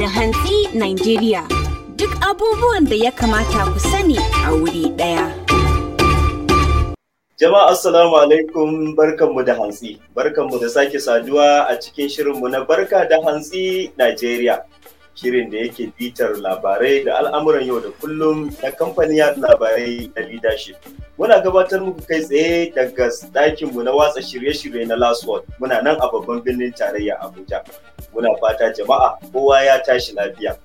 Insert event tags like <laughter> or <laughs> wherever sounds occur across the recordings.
da hantsi Nigeria. Duk abubuwan da ya kamata ku sani a wuri ɗaya. Jama'a Assalamu alaikum barkanmu da hantsi, barkanmu da sake saduwa a cikin shirinmu na barka da hantsi Nigeria. Shirin da yake bitar labarai da al'amuran yau da kullum na kamfanin labarai da leadership. muna gabatar muku kai tsaye daga ɗakinmu na watsa shirye-shirye na last word muna nan a babban birnin tarayya abuja muna fata jama'a kowa ya tashi lafiya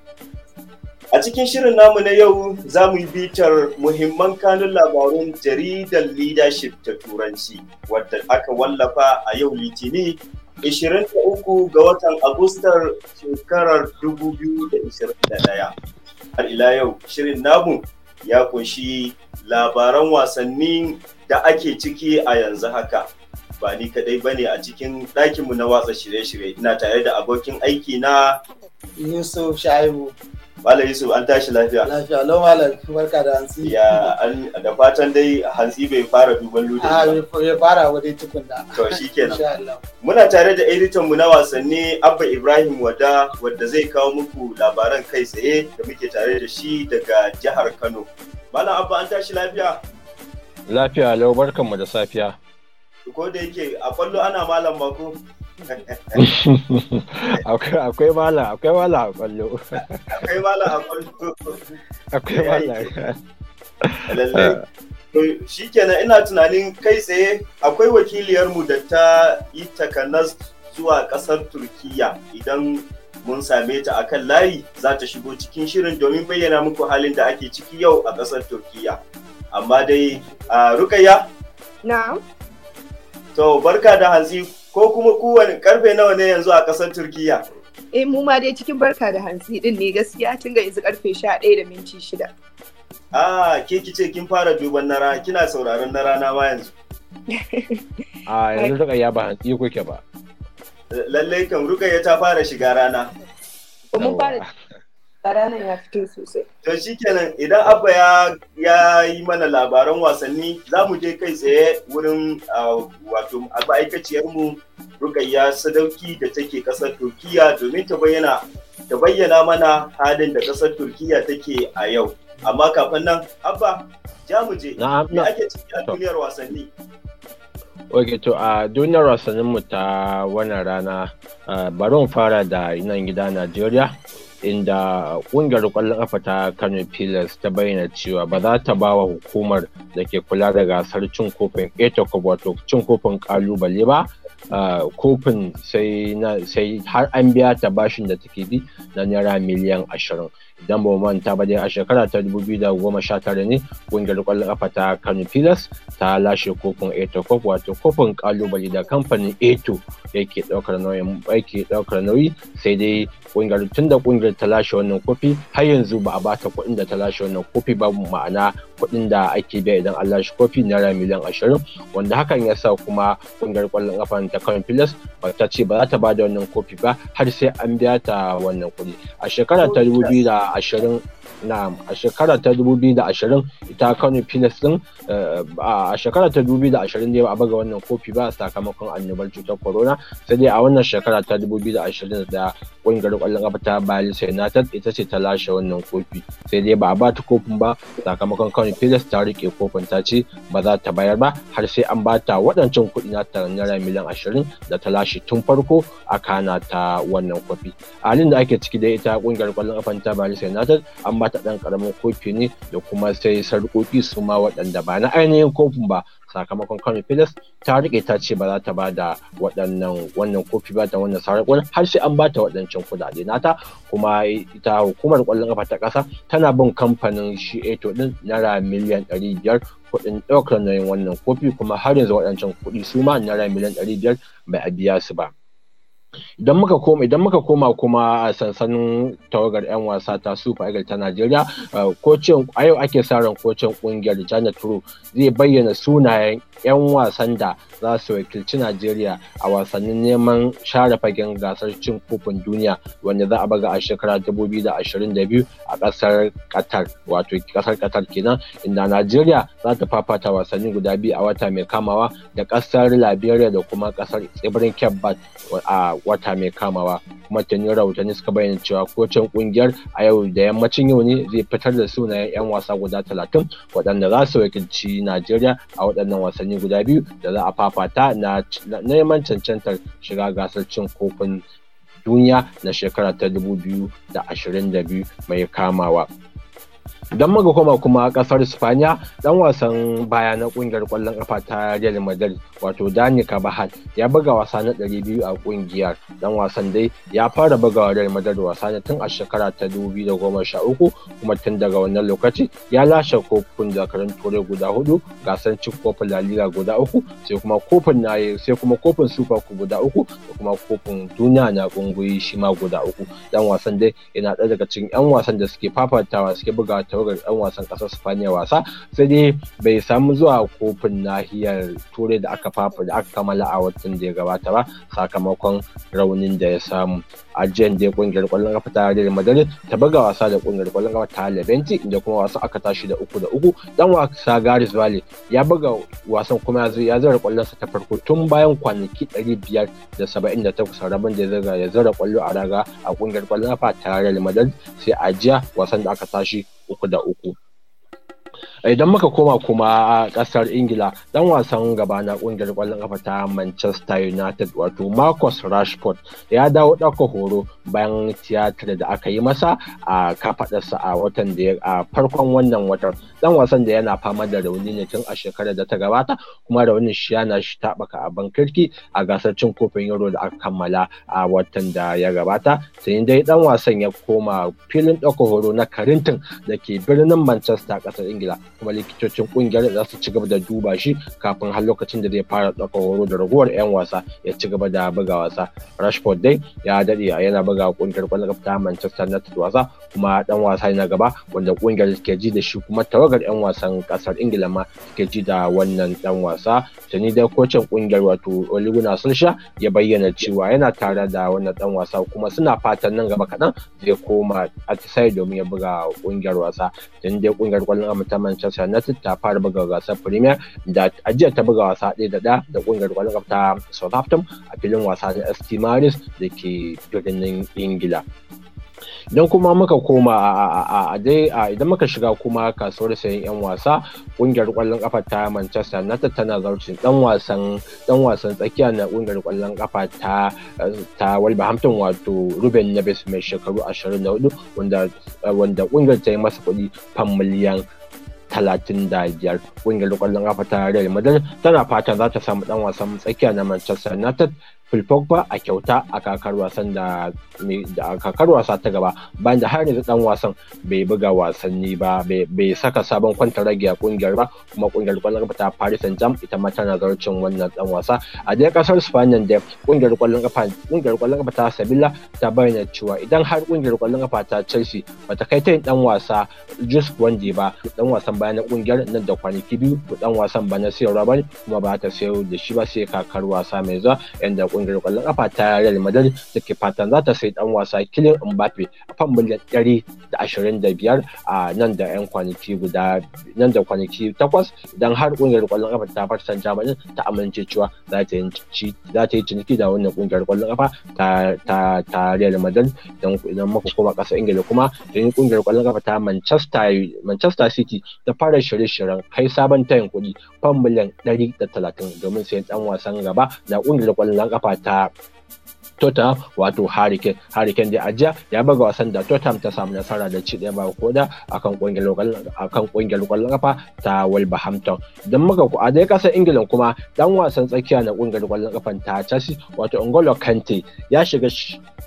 a cikin shirin namu na yau za mu yi bitar muhimman kanun labarun jaridar leadership ta turanci wadda aka wallafa a yau litini 23 ga watan agustar shekarar 2021 har ila yau shirin namu ya kunshi labaran wasannin da ake ciki a yanzu haka ba ni kadai bane a cikin ɗakinmu na watsa shirye-shirye ina tare da abokin aiki na Yusuf Shaibu Bala Yusuf an tashi lafiya. Lafiya lau Mala, barka da Hansi. Ya da fatan dai Hansi bai fara duban ludo. Ah bai fara wa tukun da. To shikenan. Insha Allah. Muna tare da editan mu na wasanni Abba Ibrahim Wada wadda zai kawo muku labaran kai tsaye da muke tare da shi daga jihar Kano. Bala Abba an tashi lafiya. Lafiya lau barkanmu da safiya. ko da yake a kwallo ana malam ba <laughs> akwai malam akwai malam a kwallo akwai malam a kwallo akwai malam shi kenan ina tunanin kai tsaye akwai wakiliyarmu da ta yi takanas zuwa kasar turkiya idan mun same ta kan layi za ta shigo cikin shirin domin bayyana muku halin da ake ciki yau a kasar turkiya amma dai a rukaya To barka da hanzi ko kuma kowane karfe nawa ne yanzu a ƙasar Turkiya? Eh mu ma dai cikin barka da hanzi din ne gaskiya tun ga yanzu karfe ɗaya da minti shida. Ah ke kice kin fara duban na rana kina sauraron na rana ma yanzu. <laughs> A yanzu saka ya ba hantsi ke ba. Lallai ruka ya ta fara shiga rana. Mun fara ranar ya fito sosai. To shi kenan idan Abba ya ya yi mana labaran wasanni za mu je kai tsaye wurin wato ma'aikaciyarmu Rukayya Sadauki da take ƙasar Turkiya domin ta bayyana ta bayyana mana halin da ƙasar Turkiya take a yau. Amma kafin nan Abba ja mu je me ake ciki a duniyar wasanni. ok to a duniyar wasanninmu ta wannan rana bari mu fara da nan gida najeriya inda kungiyar kwallon kafa ta kano pillars ta bayyana cewa ba za ta ba wa hukumar da ke kula da gasar cin kofin etocob wato cin kofin kalubale ba kofin sai har an biya ta bashin da take bi na naira miliyan ashirin idan ba ta ba dai a shekara ta 2019 ne kungiyar kwallon kafa ta Kano Pillars ta lashe kofin Eto Cup wato kofin kalubale da kamfanin Eto yake daukar nauyin yake daukar nauyi sai dai kungiyar tunda kungiyar ta lashe wannan kofi har yanzu ba a bata kuɗin da ta lashe wannan kofi ba ma'ana kuɗin da ake biya idan an lashe kofi naira miliyan 20 wanda hakan ya sa kuma kungiyar kwallon kafa ta Kano Pillars ba ta ce ba za ta bada wannan kofi ba har sai an biya ta wannan kuɗi a shekara ta 2000 da na a shekara ta 2020 ita kano pilas din eh, a shekara ta 2020 ne ba a buga wannan kofi ba sakamakon annobar cutar corona sai dai a wannan shekara ta 2021 ƙungiyar kwallon kafa ta na United ita ce ta lashe wannan kofi sai dai ba a ba ta kofin ba sakamakon kawai Felix ta rike kofin ta ce ba za ta bayar ba har sai an ba ta waɗancan kuɗi na ta naira miliyan ashirin da ta lashe tun farko a kana ta wannan kofi halin da ake ciki da ita ƙungiyar kwallon kafa ta na United an ba ta ɗan karamin kofi ne da kuma sai sarƙoƙi su ma waɗanda ba na ainihin kofin ba sakamakon kano pilas ta rike ta ce ba za ta ba da waɗannan wannan kofi ba ta wannan sarakon har sai an ba ta waɗancan kuɗaɗe nata kuma ita hukumar ƙwallon ƙafa ta ƙasa tana bin kamfanin shi eto ɗin naira miliyan ɗari biyar kuɗin ɗaukar nauyin wannan kofi kuma har yanzu waɗancan kuɗi su ma naira miliyan ɗari biyar bai a biya su ba. idan muka koma idan muka koma kuma sansanin tawagar 'yan wasa ta super eagles ta najeriya uh, kocin a yau ake sa ran kocin kungiyar janet ru zai bayyana sunayen 'yan wasan da za su wakilci Najeriya a wasannin neman share fagen gasar cin kofin duniya wanda za a buga a shekara 2022 a kasar Qatar wato kasar Qatar kenan inda Najeriya za ta fafata wasanni guda biyu a wata mai kamawa da kasar Liberia da kuma kasar tsibirin Cape a wata mai kamawa kuma tuni rahotanni suka bayyana cewa kocin kungiyar a yau da yammacin yau ne zai fitar da sunayen 'yan wasa guda 30 waɗanda za su wakilci Najeriya a waɗannan wasanni wasanni guda biyu da za a fafata na neman cancantar shiga gasar cin kofin duniya na shekara ta 2022 mai kamawa. Don maga koma kuma kasar Spaniya dan wasan baya na kungiyar kwallon kafa ta Real Madrid wato Dani kabahal ya buga wasa na 200 a kungiyar. Dan wasan dai ya fara buga Real Madrid wasa ne tun a shekara ta 2013 kuma tun daga wannan lokaci ya lashe kofin zakarin turai guda hudu gasar cin kofin La guda uku sai kuma kofin na sai kuma kofin Super Cup guda uku da kuma kofin duniya na kungiyoyi shi ma guda uku. Dan wasan dai yana ɗaya daga cikin 'yan wasan da suke fafatawa suke buga tawagar 'yan wasan ƙasar Spaniya wasa sai dai bai samu zuwa kofin nahiyar turai da aka fafa da aka kammala a watan da ya gabata ba sakamakon raunin da ya samu a jiyan da kungiyar kwallon kafa ta da Madrid ta buga wasa da kungiyar kwallon kafa ta labenti inda kuma wasa aka tashi da uku da uku dan wasa garis ya buga wasan kuma ya zara kwallon sa ta farko tun bayan kwanaki ɗari biyar da ya zaga ya zara kwallo a raga a ƙungiyar kwallon kafa ta da Madrid sai a jiya wasan da aka tashi ukhdaukum idan muka koma kuma a kasar ingila dan wasan gaba na kungiyar kwallon kafa ta manchester united wato marcus rashford ya dawo ɗauka horo bayan tiyatar da aka yi masa a kafaɗarsa a watan da a farkon wannan watan dan wasan da yana fama da rauni ne tun a shekarar da ta gabata kuma raunin shi yana shi taɓaka a bankirki a gasar cin kofin euro da aka kammala a watan da ya gabata sai dai dan wasan ya koma filin ɗauka horo na karintin da ke birnin manchester ƙasar ingila ingila kuma likitocin kungiyar za su ci gaba da duba shi kafin har lokacin da zai fara ɗaukar horo da ragowar 'yan wasa ya ci gaba da buga wasa rashford dai ya daɗe yana buga kungiyar kwallon kafa ta manchester united wasa kuma dan wasa na gaba wanda kungiyar suke ji da shi kuma tawagar 'yan wasan kasar ingila ma suke ji da wannan dan wasa tuni da kocin kungiyar wato oliguna sulsha ya bayyana cewa yana tare da wannan dan wasa kuma suna fatan nan gaba kaɗan zai koma a domin ya buga kungiyar wasa tuni dai kungiyar kwallon ta Manchester United ta fara buga gasar Premier da ajiyar ta buga wasa ɗaya da ɗaya da ƙungiyar ƙwallon ta Southampton a filin wasa na ST Maris da ke birnin Ingila. idan kuma muka koma a dai idan muka shiga kuma kasuwar sayan yan wasa ƙungiyar kwallon kafa ta Manchester United tana zarcin dan wasan dan wasan tsakiya na kungiyar kwallon kafa ta ta Wolverhampton wato Ruben Neves mai shekaru 24 wanda wanda kungiyar ta yi masa kuɗi fan miliyan talatin da biyar ƙungiyar ƙwallon ƙafa ta Real Madrid tana fatan za ta samu dan wasan tsakiya na Manchester United Pogba a kyauta a kakar wasan da a kakar wasa ta gaba bayan da har yanzu dan wasan bai buga wasanni ba bai saka sabon rage a kungiyar ba kuma kungiyar kwallon kafa ta Paris Saint-Germain ita ma tana zarcin wannan dan wasa a dai kasar Spain da kungiyar kwallon kafa kungiyar kwallon kafa ta Sevilla ta bayyana cewa idan har kungiyar kwallon kafa ta Chelsea bata kai ta yin dan wasa Jus wande ba dan wasan bayan kungiyar nan da kwanaki biyu dan wasan ba na sayarwa ba kuma ba ta sayo da shi ba sai kakar wasa mai zuwa yanda kungiyar ɓangare ƙwallon ƙafa ta Real Madrid da ke fatan za ta sai ɗan wasa Kylian Mbappe a fan miliyan ɗari da ashirin da biyar a nan da 'yan kwanaki guda nan da kwanaki takwas idan har ƙungiyar ƙwallon ƙafa ta Paris San germain ta amince cewa za ta yi ciniki da wannan ƙungiyar ƙwallon ƙafa ta ta Real Madrid idan muka koma ƙasa Ingila kuma da yin ƙungiyar ƙwallon ƙafa ta Manchester City ta fara shirye-shiryen kai sabon tayin kuɗi fan miliyan ɗari da talatin domin sayan ɗan wasan gaba na ƙungiyar ƙwallon ƙafa like that Tottenham wato Hurricane Hurricane da ajiya ya buga wasan da Tottenham ta samu nasara da ci ɗaya ba koda akan kungiyar akan kungiyar kwallon kafa ta Wolverhampton dan muka ku a dai kasar Ingila kuma dan wasan tsakiya na kungiyar kwallon kafan ta Chelsea wato N'Golo Kante ya shiga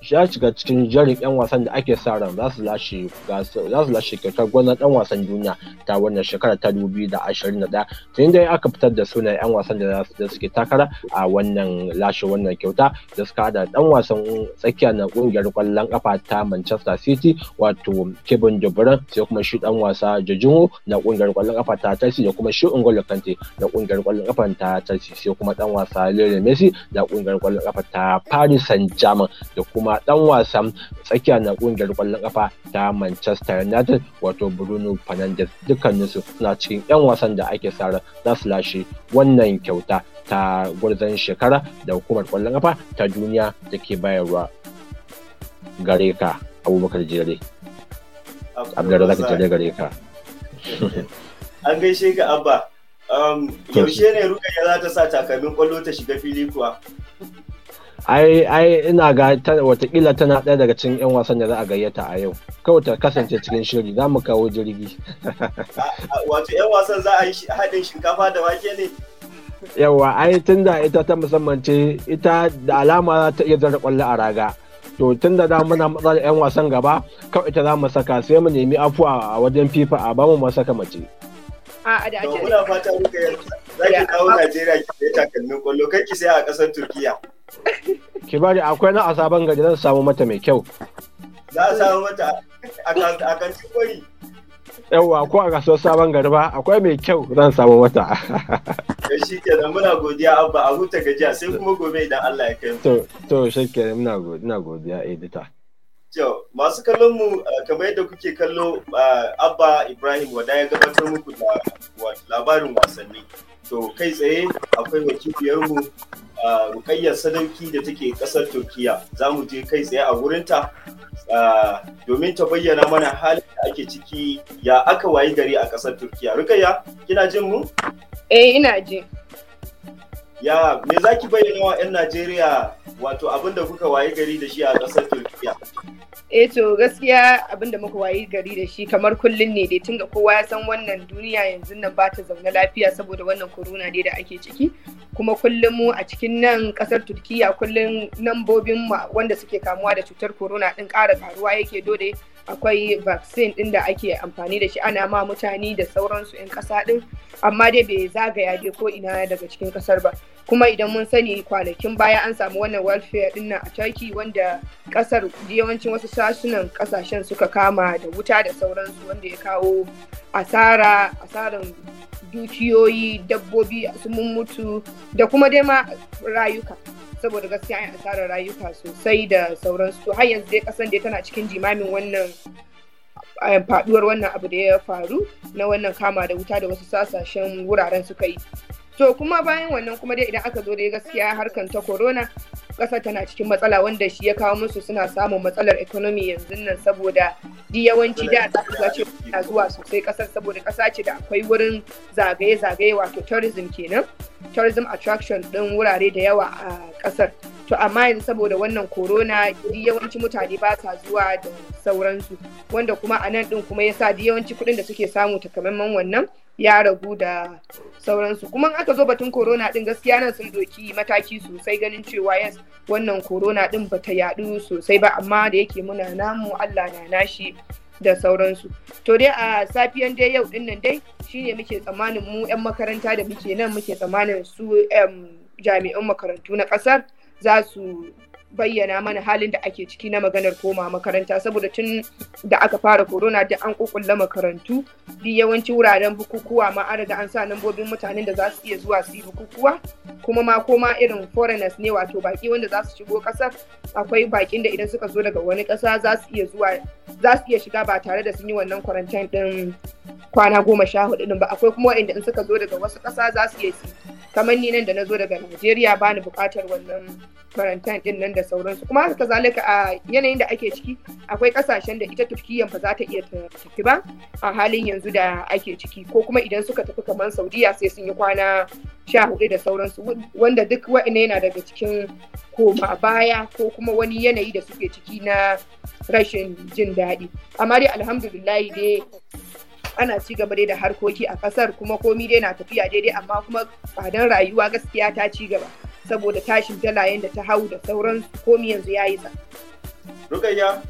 ya shiga cikin jerin yan wasan da ake sa ran za su lashe za su lashe kyautar gwanon dan wasan duniya ta wannan shekara ta 2021 tun dai aka fitar da sunan yan wasan da suke takara a wannan lashe wannan kyauta da suka da dan wasan tsakiya na kungiyar kwallon kafa ta Manchester City wato Kevin De Bruyne sai kuma shi dan wasa Jorginho na kungiyar kwallon kafa ta Chelsea da kuma shi N'Golo Kante na kungiyar kwallon kafa ta Chelsea sai kuma dan wasa Lionel Messi na kungiyar kwallon kafa ta Paris Saint-Germain da kuma dan wasan tsakiya na kungiyar kwallon kafa ta Manchester United wato Bruno Fernandes dukkaninsu suna cikin 'yan wasan da ake sara ran za lashe wannan kyauta ta gwarzon shekara da hukumar kwallon kafa ta duniya da ke bayarwa gare ka abubakar jere jere gare ka an gaishe ka abba um, yaushe ne ya za ta sa takalmin kwallo ta shiga fili kuwa ai ai ina ga watakila tana ɗaya daga cikin 'yan wasan da za a gayyata a yau kawai ta kasance cikin shiri za mu kawo jirgi <laughs> wato 'yan wasan za a yi haɗin shinkafa da wake ne yawa ai tun da ita ta musamman ce ita da alama ta iya zara kwallo a raga to tun da muna matsa da 'yan wasan gaba kawai ita za mu saka sai mu nemi afuwa a wajen fifa a bamu mu saka mace a da ake muna fata muka yarda za ki kawo Najeriya ki sai takalmin kwallo kai ki sai a kasar Turkiya ki bari akwai na asaban gari zan samu mata mai kyau za a samu mata a kantin kwari yawwa ko a kasuwar sabon gari ba akwai mai kyau zan samu mata <laughs> shi kenan muna godiya abba a gajiya sai kuma gobe idan Allah ya kai mu to muna godiya edita masu kallon mu kamar yadda kuke kallo Abba Ibrahim wada ya gabatar muku da labarin wasanni. To kai tsaye akwai wakiliyarmu Rukayyar Sadauki da take kasar Turkiya. Za mu je kai tsaye a wurinta domin ta bayyana mana halin da ake ciki ya aka wayi gari a kasar Turkiya. Rukayya, kina jin mu? eh ina ji ya me za ki bayyana wa 'yan najeriya wato abin da kuka waye gari da shi a ƙasar turkiya eh to gaskiya abin da muka waye gari da shi kamar kullun ne dai tunda kowa ya san wannan duniya yanzu nan ba ta zaune lafiya saboda wannan corona dai da ake ciki kuma kullum mu a cikin nan ƙasar turkiya kullum nambobin wanda suke kamuwa da cutar corona ɗin ƙara karuwa yake dole akwai vaccine din da ake amfani da shi ana ma mutane da sauransu 'yan ƙasa din amma dai bai zagaya dai ko ina daga cikin ƙasar ba kuma idan mun sani kwanakin baya an samu wannan welfare din nan a turkey wanda ƙasar yawancin wasu sasunan ƙasashen suka kama da wuta da sauransu wanda ya kawo asara asaran dukiyoyi dabbobi sun mutu da kuma dai ma rayuka saboda gaskiya an asarar rayuka sosai da sauransu su, har yanzu dai kasan dai tana cikin jimamin wannan eh, faduwar wannan abu da ya faru na wannan kama da wuta da wasu sasashen wuraren suka yi to kuma bayan wannan kuma dai idan aka zo da gaskiya harkan ta corona ƙasa tana cikin matsala wanda shi ya kawo musu suna samun matsalar economy yanzu nan saboda di yawanci da a ce suna zuwa sosai ƙasar saboda ƙasa ce da akwai wurin zagaye-zagaye wato tourism kenan tourism attraction ɗin wurare da yawa a ƙasar to amma yanzu saboda wannan corona di yawanci mutane ba sa zuwa da sauransu wanda kuma a nan ɗin kuma yasa di yawanci kuɗin da suke samu takamaiman wannan ya ragu da sauransu kuma aka zo batun corona din gaskiya nan sun doki mataki sosai ganin cewa yes wannan corona din ba ta yadu sosai ba amma da yake muna namu Allah na nashi da sauransu to dai a safiyan dai yau din nan dai shine muke tsammanin mu yan makaranta da muke nan muke tsamanin su jami'an makarantu na kasar za su bayyana mana halin da ake ciki na maganar koma makaranta saboda tun da aka fara corona da an kukulla makarantu di yawanci wuraren bukukuwa ma an riga an sa nambobin mutanen da za su iya zuwa su yi bukukuwa kuma ma koma irin foreigners ne wato baki wanda za su shigo kasar akwai bakin da idan suka zo daga wani kasa za su iya zuwa za su iya shiga ba tare da sun yi wannan quarantine din kwana goma sha hudu din ba akwai kuma waɗanda in suka zo daga wasu kasa za su iya kamar ni nan da na zo daga Najeriya ba ni bukatar wannan quarantine din nan da sauransu kuma haka zalika a yanayin da ake ciki akwai kasashen da ita Turkiyya ba za ta iya tafi ba a halin yanzu da ake ciki ko kuma idan suka tafi kamar Saudiya sai sun yi kwana sha hudu da sauransu wanda duk wa'ina yana daga cikin koma baya ko kuma wani yanayi da suke ciki na rashin jin daɗi amma dai alhamdulillahi dai ana ci gaba dai da harkoki a kasar kuma komi dai na tafiya daidai amma kuma tsadar rayuwa gaskiya ta ci gaba saboda tashin dala da ta hau da sauran komi yanzu ya yi sa. Rukayya,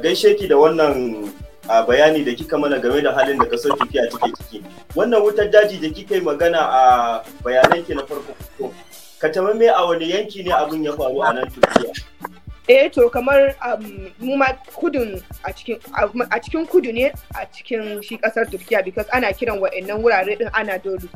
gaishe ki da wannan a bayani da kika mana game da halin da kasar tafiya cikin ciki wannan wutar daji da kika yi magana a ki na farko ka tamamme a wani yanki ne abin ya faru a nan Turkiyya. eh to kamar um, mu ma kudun a cikin kudu ne a cikin shi kasar turkiya because ana kiran wa'annan wurare din anadolu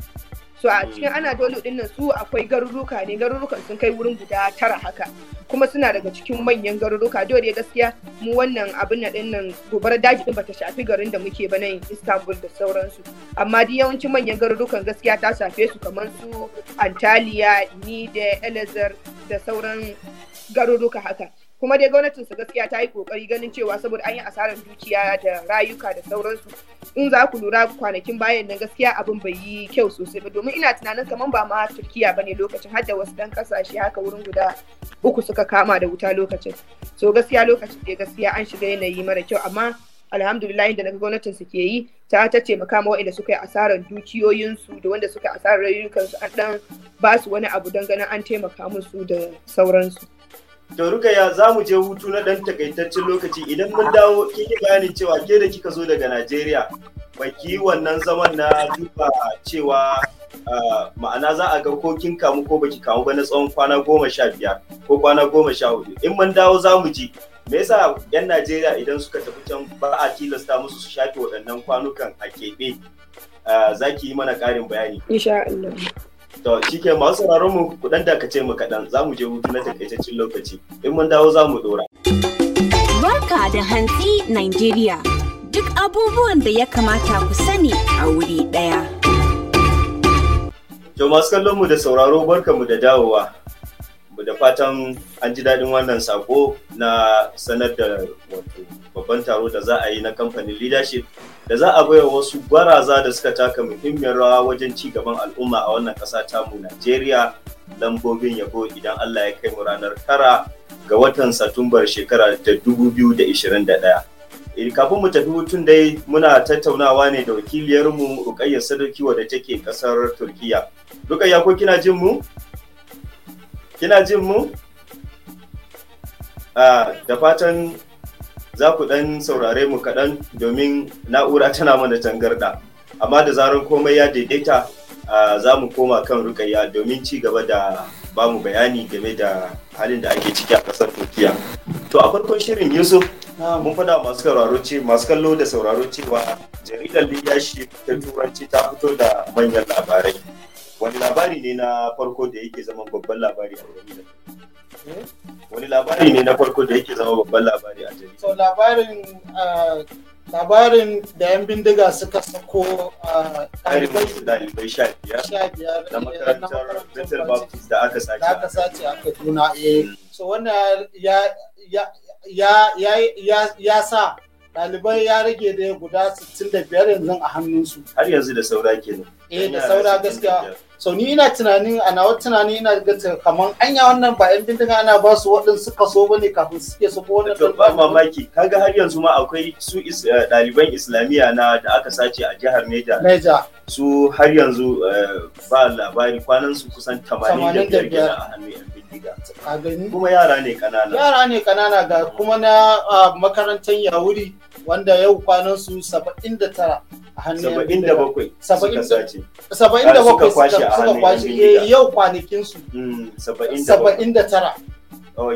so a cikin hmm. anadolu din nan su akwai garuruka ne garurukan sun kai wurin guda tara haka kuma suna daga cikin manyan garuruka dole gaskiya mu wannan abin nan din nan gobar daji din bata shafi garin da muke ba nan istanbul da sauransu amma dai yawancin manyan garurukan gaskiya ta shafe su kamar su antalya nide elazar da sauran garuruka haka kuma dai gwamnatin su gaskiya ta yi kokari ganin cewa saboda an yi asarar dukiya da rayuka da sauransu in za ku lura kwanakin bayan nan gaskiya abin bai yi kyau sosai ba domin ina tunanin kamar ba ma turkiya bane lokacin har da wasu dan kasashe haka wurin guda uku suka kama da wuta lokacin so gaskiya lokacin da gaskiya an shiga yanayi mara kyau amma alhamdulillah da naga gwamnatin su ke yi ta ta ce makama waɗanda suka yi asarar dukiyoyinsu da wanda suka asarar rayukansu an dan basu wani abu don ganin an taimaka musu da sauransu. To Rukaya za mu je hutu na ɗan takaitaccen lokaci idan mun dawo kin yi bayanin cewa ke da kika zo daga Najeriya baki wannan zaman na duba cewa ma'ana za a ga ko kin kamu ko baki kamu ba na tsawon kwana goma sha biyar ko kwana goma sha hudu in mun dawo za mu ji me yasa yan Najeriya idan suka tafi can ba a tilasta musu su shafe waɗannan kwanukan a keɓe za ki yi mana ƙarin bayani. Insha Allah. To shi ke masu sauraron mu kudan dakace mu kaɗan za mu je hutu na takaitaccen lokaci in mun dawo za mu ɗora. Barka da hantsi Nigeria duk abubuwan da ya kamata ku sani a wuri ɗaya. To masu kallon mu da sauraro barka mu da dawowa. Mu da fatan an ji daɗin wannan sako na sanar da wato babban taro da za a yi na kamfanin leadership da za a baiwa wasu gwaraza da suka taka muhimmiyar rawa wajen ci gaban al'umma a wannan ƙasa tamu Najeriya lambobin yabo idan Allah ya kai mu ranar tara ga watan Satumbar shekara ta 2021. Eh, kafin mu tafi hutun dai muna tattaunawa ne da wakiliyarmu Rukayyar Sadauki da take ƙasar Turkiya. Rukayya ko kina jin mu? Kina jin mu? Ah, da fatan za ku ɗan saurare mu kaɗan domin na'ura tana mana tangarɗa amma da zarar komai ya daidaita za mu koma kan rukayya domin ci gaba da ba mu bayani game da halin da ake ciki a ƙasar turkiya to a farkon shirin yusuf mun faɗa masu sauraro ce masu kallo da sauraro cewa jaridar liyashi ta turanci ta fito da manyan labarai wani labari ne na farko da yake zaman babban labari a wurin wani labari ne na farko da yake zama babban labari a jirgin so labarin labarin da yan bindiga suka sako a ɗalibai sha biyar eh, na makarantar Bethel Baptist da aka sace da aka sace a Kaduna eh mm. so wannan ya ya ya ya ya sa ɗalibai ya rage da guda 65 yanzu a hannunsu. Har yanzu da saura kenan. Eh da saura gaskiya. So ni ina tunanin a nawa tunanin ina ga kamar anya wannan ba yan bindiga ana ba su waɗansu kaso bane kafin suke su ko wannan. To ba mamaki kaga har yanzu ma akwai su eh, ɗaliban Islamiyya na da aka sace a jihar Neja. Neja. Su har yanzu eh, ba labari kwanan su kusan 85 a hannun ka gani kuma yara ne kanana yara ne kanana ga kuma na makarantar yahudi wanda yau kwanan su 79 a hannun 77 77 suka kwashe eh, yau kwanakin su 79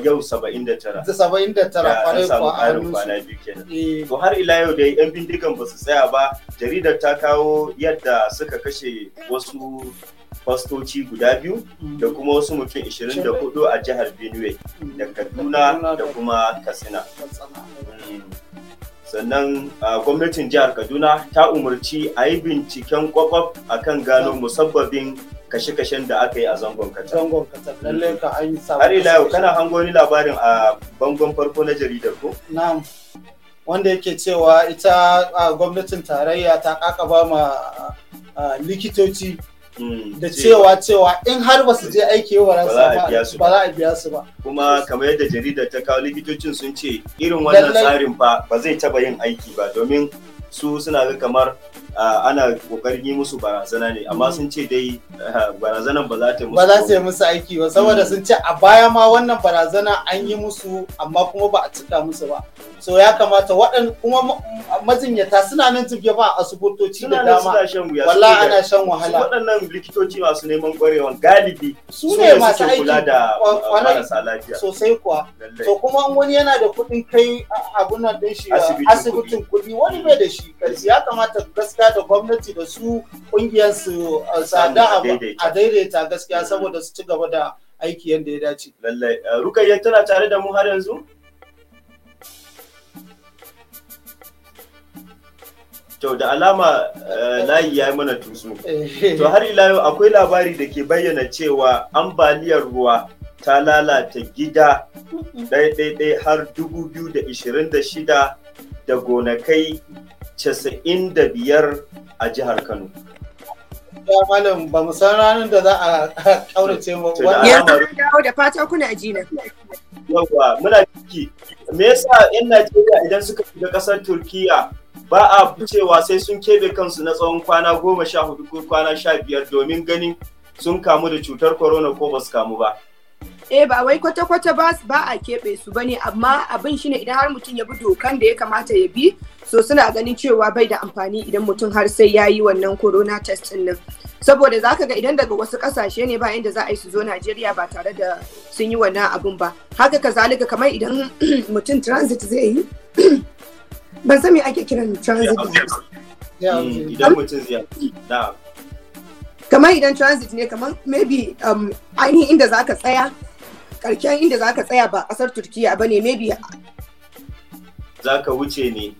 yau 79 kwarai kwa kwana biyu kenan eh. to har ila yau da yan bindigan ba su tsaya ba jaridar ta kawo yadda suka kashe wasu fastoci guda biyu mm. da kuma wasu mutum 24 a jihar benue mm. da kaduna da kuma katsina mm. sannan gwamnatin jihar kaduna ta umarci a yi binciken kwakwaf a kan gano musabbabin kashe-kashen da aka yi a zangon katar. Har ila yau kana hango ni labarin a bangon farko na jaridar ko? Wanda yake cewa ita gwamnatin tarayya ta kakaba ma likitoci Mm, da cewa cewa in har ba su je aiki yau ba za a biya su ba kuma kamar yadda jaridar ta kawo likitocin sun ce irin wannan tsarin fa ba zai taba yin aiki ba domin su suna ga kamar Ah, ana kokarin yi musu barazana ne amma mm. sun ce dai ah, barazanan ba za ta musu ba za ta yi musu aiki ba saboda mm. sun ce a baya ma wannan barazana an yi musu amma kuma ba a cika musu ba so ya kamata waɗan kuma mazinyata suna nan tuge ba a asibitoci da dama walla ana shan wahala waɗannan likitoci masu neman ƙwarewan galibi su ne masu aiki kula da marasa lafiya sosai kuwa so kuma wani yana da kuɗin kai abin nan din shi asibitin kuɗi wani bai da shi ya kamata gaskiya gaskiya da gwamnati da su kungiyar su sada a daidaita gaskiya saboda su ci gaba da aiki yadda ya dace. Lallai, uh, tana tare da mu har yanzu? To da alama uh, layi ya yi mana tusu. Eh. To har ila yau akwai labari da ke bayyana cewa ambaliyar ruwa ta lalata gida ɗaiɗaiɗai har 2026 da gonakai casa'in da biyar a jihar Kano. Ya malam ba mu san ranar da za a kaurace mu. Yanzu dawo da fata kuna jina. Yawwa muna ciki. Me yasa 'yan Najeriya idan suka shiga ƙasar Turkiya ba a cewa sai sun keɓe kansu na tsawon kwana goma sha hudu ko kwana sha biyar domin ganin sun kamu da cutar corona ko ba su kamu ba. eh ba wai kwata-kwata ba ba a keɓe su ba ne amma abin shine idan har mutum ya bi dokan da ya kamata ya bi so suna ganin cewa bai da amfani idan mutum har sai ya yi wannan corona test din nan saboda za ka ga idan daga wasu kasashe ne ba inda za a yi su zo Najeriya ba tare da sun yi wannan abun ba haka kazalika kamar idan <clears throat> mutum transit zai yi <clears throat> ban san me ake kiran transit hmm, idan mutum zai kamar idan transit ne kamar maybe um, ainihin inda za ka tsaya karshen inda za ka tsaya ba kasar turkiya ba ne maybe za ka wuce ne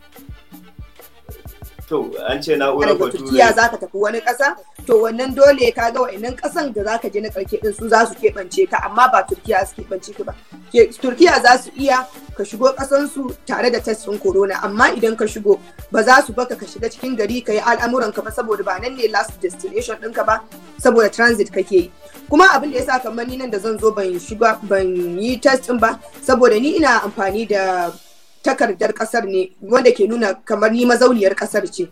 to an ce na'urar daga Turkiya za ka tafi wani kasa to wannan dole ka ga wa'annan kasan da za ka je na karke din su za su ka amma ba Turkiya su kebance ka ba Turkiya za su iya ka shigo kasan su tare da testin corona amma idan ka shigo ba za su baka ka shiga cikin gari ka yi ka ba saboda ba nan ne last destination ɗinka ba saboda transit kake yi kuma abin da yasa kamar ni nan da zan zo ban shiga ban yi test ba saboda ni ina amfani da takardar kasar ne wanda ke nuna kamar ni mazauniyar kasar ce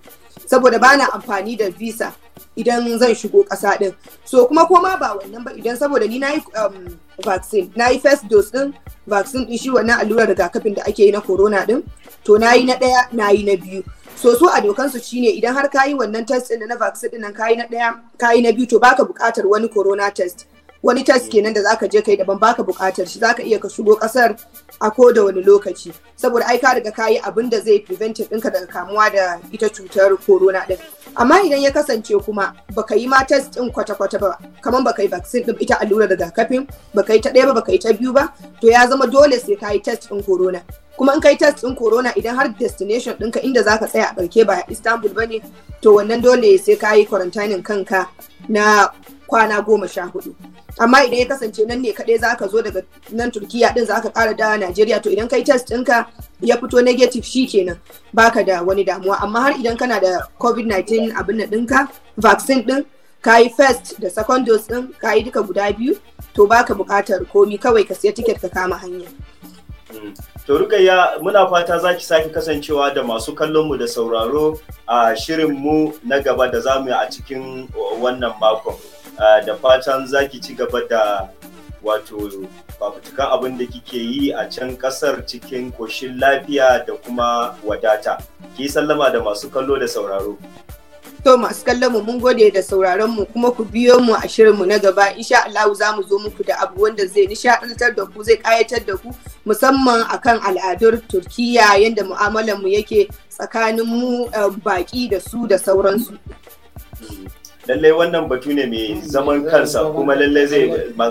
saboda ba na amfani da visa idan zan shigo kasa din so kuma koma ba wannan ba idan saboda ni na yi um, vaccine na yi first dose din vaccine din shi wannan allurar rigakafin da ake yi na corona din to na na daya na na biyu so su a dokan su shine idan har kayi wannan test din na vaccine din nan kayi na daya kayi na biyu to baka bukatar wani corona test wani test kenan da zaka je kai daban baka bukatar shi zaka iya ka shigo kasar a ko da wani lokaci saboda ai ka riga yi abin da zai preventive ɗinka daga kamuwa da ita cutar corona ɗin amma idan ya kasance kuma baka yi ma test ɗin kwata-kwata ba kamar baka yi vaccine ɗin ita allura daga kafin, baka yi ta ɗaya ba baka yi ta biyu ba to ya zama dole sai ka yi test ɗin corona kuma in kai test ɗin corona idan har destination ɗinka inda zaka tsaya a ɗauke ba Istanbul ba ne to wannan dole sai ka yi quarantine kanka na kwana goma sha hudu amma idan ya kasance nan ne kaɗai za ka zo daga nan turkiya ɗin za ka ƙara da najeriya to idan kai test ɗinka ya fito negative shi kenan baka da wani damuwa amma har idan kana da covid-19 abin da ɗinka vaccine ɗin ka yi first da second dose ɗin ka yi duka guda biyu to baka bukatar komi kawai ka siya tiket ka kama hanya. Mm. To Rukayya muna fata za ki sake kasancewa da masu kallonmu da sauraro a shirin mu na gaba da zamu yi a cikin wannan makon. Ah, da fatan za ki ci gaba da wato fafutukan abin da kike yi a can kasar cikin koshin lafiya da kuma wadata ki sallama da masu kallo da sauraro to masu kallon mu mun gode da sauraron mu kuma ku biyo mu a shirin mu na gaba insha Allah za mu zo muku da abu wanda zai nishadantar da ku zai kayatar da ku musamman akan al'adar Turkiya yanda mu'amalar mu yake tsakanin mu eh, baki da su da sauransu mm. lallai wannan batu ne mai zaman kansa kuma lallai zai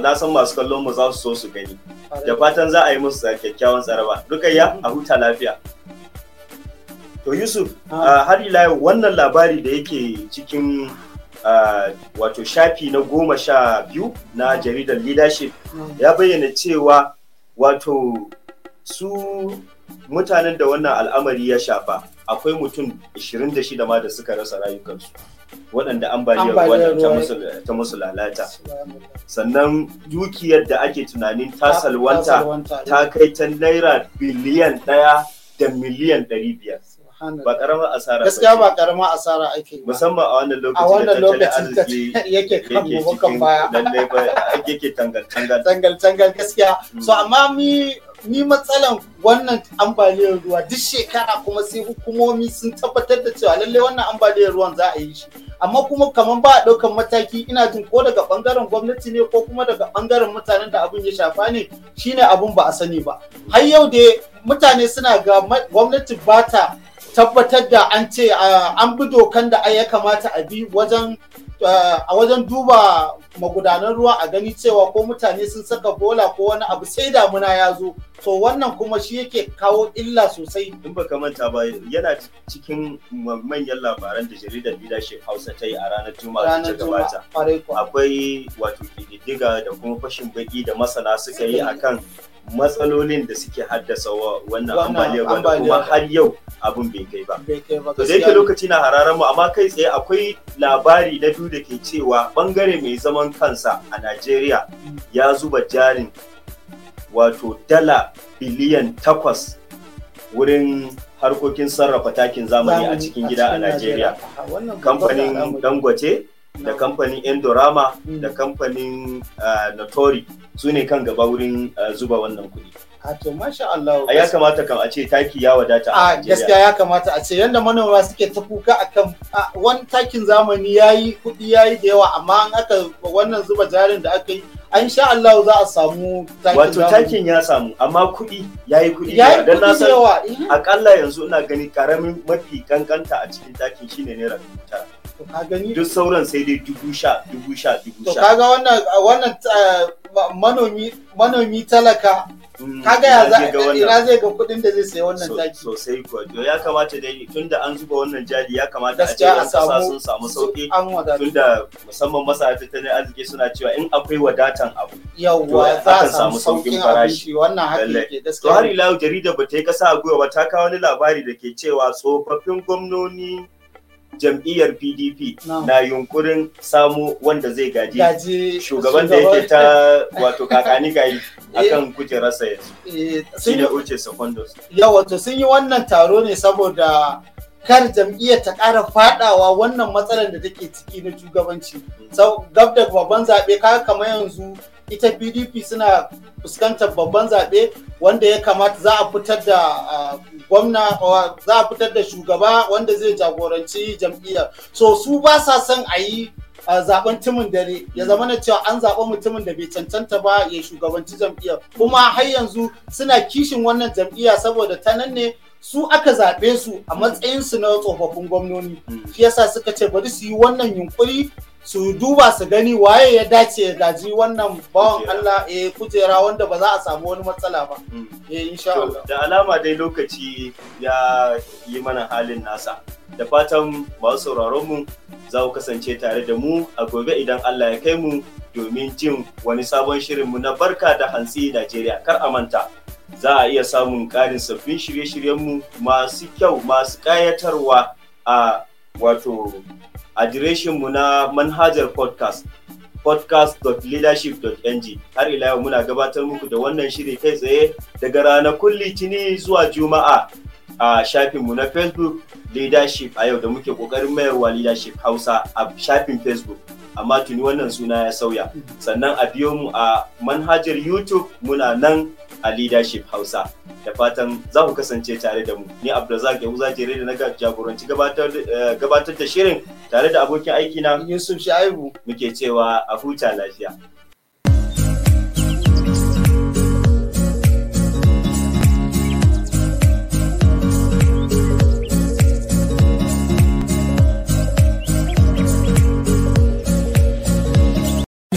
na san masu kallon mu za su so su gani da fatan za a yi musu kyakkyawan tsaraba ya a huta lafiya to yusuf ah. Ah, har ila yau wannan labari da yake cikin ah, wato shafi na goma sha biyu na jaridar leadership ya bayyana cewa wato su mutanen da wannan al'amari ya shafa akwai mutum 26 ma da suka rasa rayukansu waɗanda ambaliyar ruwa ta musu lalata sannan dukiyar da ake tunanin ta salwanta ta kai ta naira biliyan ɗaya da miliyan ɗari biyar ba karamar asara gaskiya ba karamar asara ake ba musamman a wannan lokacin a wannan lokacin <laughs> yake kan kan baya lalle ba yake tangal tangal tangal tangal gaskiya mm. so amma mi ni matsalan wannan ambaliyar ruwa duk shekara kuma sai hukumomi sun tabbatar da cewa lalle wannan ambaliyar ruwan za a yi shi amma kuma kamar ba a ɗaukan mataki ina jin ko daga ɓangaren gwamnati ne ko kuma daga ɓangaren mutanen da abin ya shafa ne shine abin ba a sani ba har yau da mutane suna ga gwamnati ba ta tabbatar da an ce an bi dokan da ya kamata a bi wajen a wajen duba magudanan ruwa a gani cewa ko mutane sun saka bola ko wani abu sai damuna ya zo to wannan kuma shi yake kawo illa sosai in baka manta ba yana cikin manyan labaran da jaridar leadership hausa ta yi a ranar juma'a ta gabata akwai wato kididdiga da kuma fashin baki da masana suka yi akan matsalolin da suke haddasa wannan ambaliyar wanda kuma har yau abin bai kai ba. To da yake lokaci na hararen mu amma kai tsaye akwai labari na biyu da ke cewa bangare mai zaman kansa a Najeriya ya zuba jarin wato dala biliyan takwas wurin harkokin sarrafa takin zamani a cikin gida a Najeriya. Kamfanin Dangote da kamfanin endorama da mm. kamfanin ah, notori su ne kan gaba wurin ah, zuba wannan kuɗi Ato, masha Allah ya kamata kam a ce taki ya wadata a gaskiya ya kamata a ce Yadda manoma suke ta kuka kan. wani takin zamani ya yi kuɗi yi da yawa amma an aka wannan zuba jarin da aka yi an sha Allah za a samu takin zamani. wato takin ya samu amma kuɗi yi kuɗi Ya yi na yawa? akalla yanzu ina gani karamin mafi kankanta a cikin takin shine naira 9 duk sauran sai dai dubu sha dubu sha dubu sha to kaga wannan wannan eh, manomi manomi talaka mm, kaga ya za ina zai ga kuɗin da zai sayi wannan taki sosai kuwa to ya kamata dai tunda an zuba wannan jari ya kamata a ce an kasa sun samu sauki tunda musamman masana tattalin arziki suna cewa in akwai wadatan abu yawwa za a samu saukin farashi wannan hakiki gaskiya to har ila jarida ba ta yi kasa a gwiwa ba ta kawo wani labari da ke cewa tsofaffin gwamnoni jam'iyyar pdp na yunkurin samu wanda zai gaji shugaban da yake ta wato kakani gari akan <laughs> kujerarsa yanzu eh, eh, ne uche secondos yawa sun yi wannan taro ne saboda kar jam'iyyar ta ƙara fadawa wannan matsalar da take ciki na shugabanci mm. gab babban zaɓe kaga kamar yanzu ita pdp suna fuskantar babban zaɓe wanda ya kamata za a fitar da gwamna za a fitar da shugaba wanda zai jagoranci jam'iyyar so su ba sa son a yi zaben timin dare ya zama na cewa an zaɓa mutumin da bai cancanta ba ya shugabanci jam'iyyar kuma har yanzu suna kishin wannan jam'iyya saboda ta nan ne su aka zaɓe su a matsayinsu na tsofaffin gwamnoni shi yasa suka ce bari su yi wannan yunkuri su duba su gani waye ya dace ya gaji wannan bawan Allah eh kujera wanda ba za a samu wani matsala ba mm. eh, insha Allah da alama dai lokaci ya yi mana halin nasa da fatan masu sauraron mu za ku kasance tare da mu a gobe idan Allah ya kai mu domin jin wani sabon shirin mu na barka da hantsi Najeriya kar a manta za a iya samun ƙarin sabbin shirye-shiryenmu shiryen masu kyau masu ƙayatarwa a wato mu na manhajar podcast podcast.leadership.ng har ila yau muna gabatar muku da wannan shiri kai tsaye daga ranakun litini zuwa juma'a a shafinmu na facebook leadership a yau da muke kokarin mayarwa leadership hausa a shafin facebook amma tuni wannan suna ya sauya sannan a biyo mu a manhajar youtube muna nan a leadership hausa da fatan za ku kasance tare da mu ni abdulrazak yahuza jere da na jagoranci eh, gabatar da shirin tare da abokin aiki na yusuf shaibu muke cewa a huta lafiya